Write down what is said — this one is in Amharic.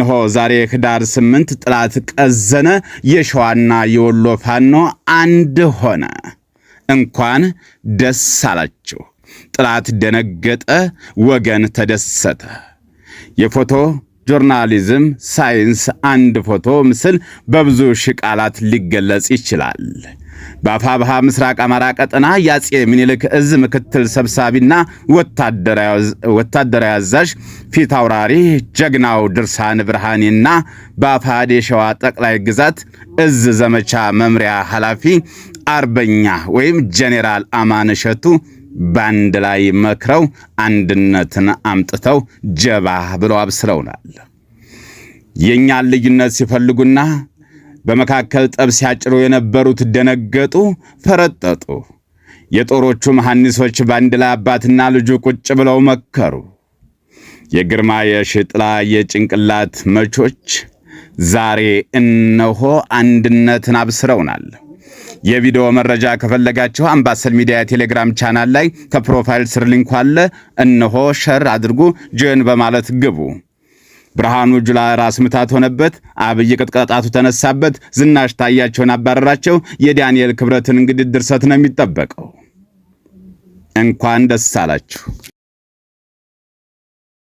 እንሆ ዛሬ ህዳር 8 ጥላት ቀዘነ። የሸዋና የወሎ ፋኖ አንድ ሆነ። እንኳን ደስ አላችሁ። ጥላት ደነገጠ፣ ወገን ተደሰተ። የፎቶ ጆርናሊዝም ሳይንስ አንድ ፎቶ ምስል በብዙ ሺህ ቃላት ሊገለጽ ይችላል። በአፋብሃ ምስራቅ አማራ ቀጠና የአጼ ምኒልክ እዝ ምክትል ሰብሳቢና ወታደራዊ አዛዥ ፊት አውራሪ ጀግናው ድርሳን ብርሃኔና በአፋድ የሸዋ ጠቅላይ ግዛት እዝ ዘመቻ መምሪያ ኃላፊ አርበኛ ወይም ጄኔራል አማን እሸቱ በአንድ ላይ መክረው አንድነትን አምጥተው ጀባ ብለው አብስረውናል። የእኛን ልዩነት ሲፈልጉና በመካከል ጠብ ሲያጭሩ የነበሩት ደነገጡ፣ ፈረጠጡ። የጦሮቹ መሐንሶች በአንድ ላይ አባትና ልጁ ቁጭ ብለው መከሩ። የግርማ የሽጥላ የጭንቅላት መቾች ዛሬ እነሆ አንድነትን አብስረውናል። የቪዲዮ መረጃ ከፈለጋችሁ አምባሰል ሚዲያ የቴሌግራም ቻናል ላይ ከፕሮፋይል ስር ሊንኩ አለ። እነሆ ሸር አድርጉ፣ ጆይን በማለት ግቡ። ብርሃኑ ጁላ ራስ ምታት ሆነበት። አብይ ቅጥቀጣቱ ተነሳበት። ዝናሽ ታያቸውን አባረራቸው። የዳንኤል ክብረትን እንግዲህ ድርሰት ነው የሚጠበቀው። እንኳን ደስ አላችሁ።